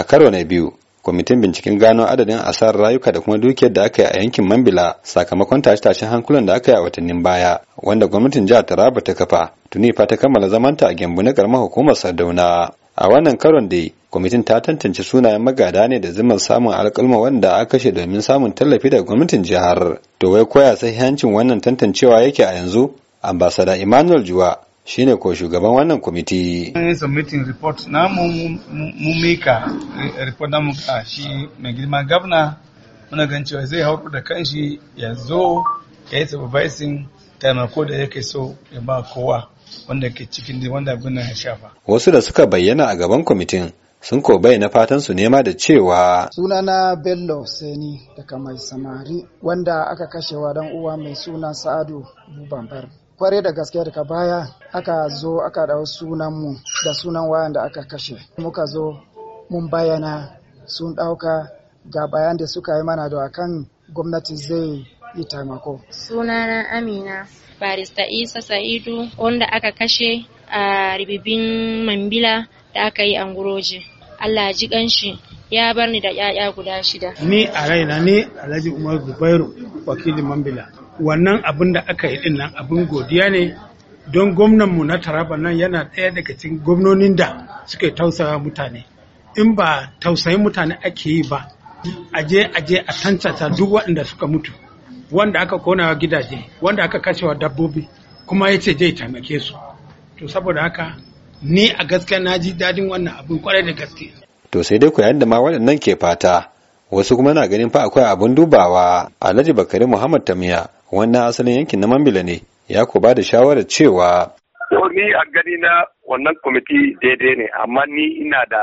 a karo na biyu kwamitin binciken gano adadin asarar rayuka da kuma dukiyar da aka yi a yankin mambila sakamakon tashe-tashen hankulan da aka yi a watannin baya wanda gwamnatin jihar taraba ta kafa tuni fa ta kammala zamanta a gyambu na karamar hukumar sardauna a wannan karon dai kwamitin ta tantance sunayen magada ne da zimmar samun alƙalma wanda aka kashe domin samun tallafi daga gwamnatin jihar to wai koya sahihancin wannan tantancewa yake a yanzu ambasada emmanuel juwa shine ko shugaban wannan kwamiti. An yi submitting report na mu mika report na mu shi mai girma gabna muna gan cewa zai hau da kanshi ya zo ya yi supervising taimako da yake so ya ba kowa wanda ke cikin wanda abin ya shafa. Wasu da suka bayyana a gaban kwamitin sun ko na fatan su nema da cewa Suna na bello seni daga mai samari wanda aka kashewa dan uwa mai suna sa'adu Bubambar. kware da gaske daga baya aka zo aka dau sunan mu da sunan wayan da aka kashe muka zo mun bayyana sun ɗauka ga bayan da suka yi mana da akan gwamnati zai yi taimako. Sunana Amina Barista Isa Sa'idu wanda aka kashe a ribibin Mambila da aka yi anguroje. Allah ji kanshi ya bar ni da 'ya'ya guda shida. Ni a raina ne Alhaji Umar Zubairu wakilin Mambila. Wannan abin da aka yi din nan abin godiya ne don gwamnanmu na Taraba nan yana ɗaya daga cikin gwamnonin da suke tausaya mutane. In ba tausayin mutane ake yi ba, aje aje a tantata duk waɗanda suka mutu, wanda aka konawa gidaje, wanda aka kashewa dabbobi, kuma ya ce zai taimake su. To saboda haka ni a gaskiya na ji daɗin wannan abin kwarai da gaske. to sai dai ku yayin da ma waɗannan ke fata wasu kuma na ganin fa akwai abun dubawa alhaji bakari muhammad tamiya wannan asalin yankin na mambila ne ya ku ba da shawarar cewa Ko ni a gani na wannan kwamiti daidai ne amma ni ina da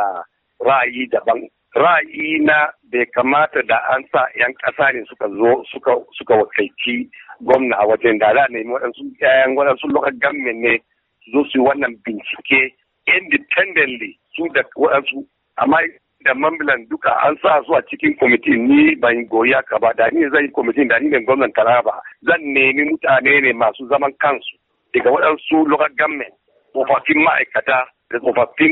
ra'ayi daban ra'ayi na bai kamata da an sa 'yan ƙasa ne suka zo suka wakilci gwamna a wajen da za a nemi waɗansu 'ya'yan waɗansu lokacin gamin ne su zo su yi wannan bincike independently su da waɗansu amma da mambilan duka an sa su a cikin kwamitin ni ban goyi ka ba da ni zan yi kwamitin da ni ne gwamnan taraba zan nemi mutane ne masu zaman kansu daga waɗansu local government tsofaffin ma'aikata da tsofaffin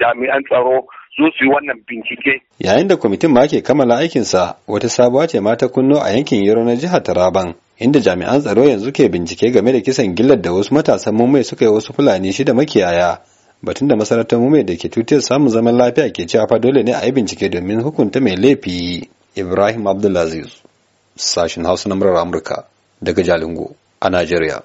jami'an tsaro su su wannan bincike. Yayin da kwamitin ma ke kammala aikinsa wata sabuwa ce ma ta kunno a yankin Yoro na jihar Taraban inda jami'an tsaro yanzu ke bincike game da kisan gillar da wasu matasan mummai suka yi wasu Fulani shida makiyaya batun da masarautar mume da ke tutiyar samun zaman lafiya ke cewa fa dole ne a yi bincike domin hukunta mai laifi ibrahim abdulaziz sashen hausa na murar amurka daga jalingo a najeriya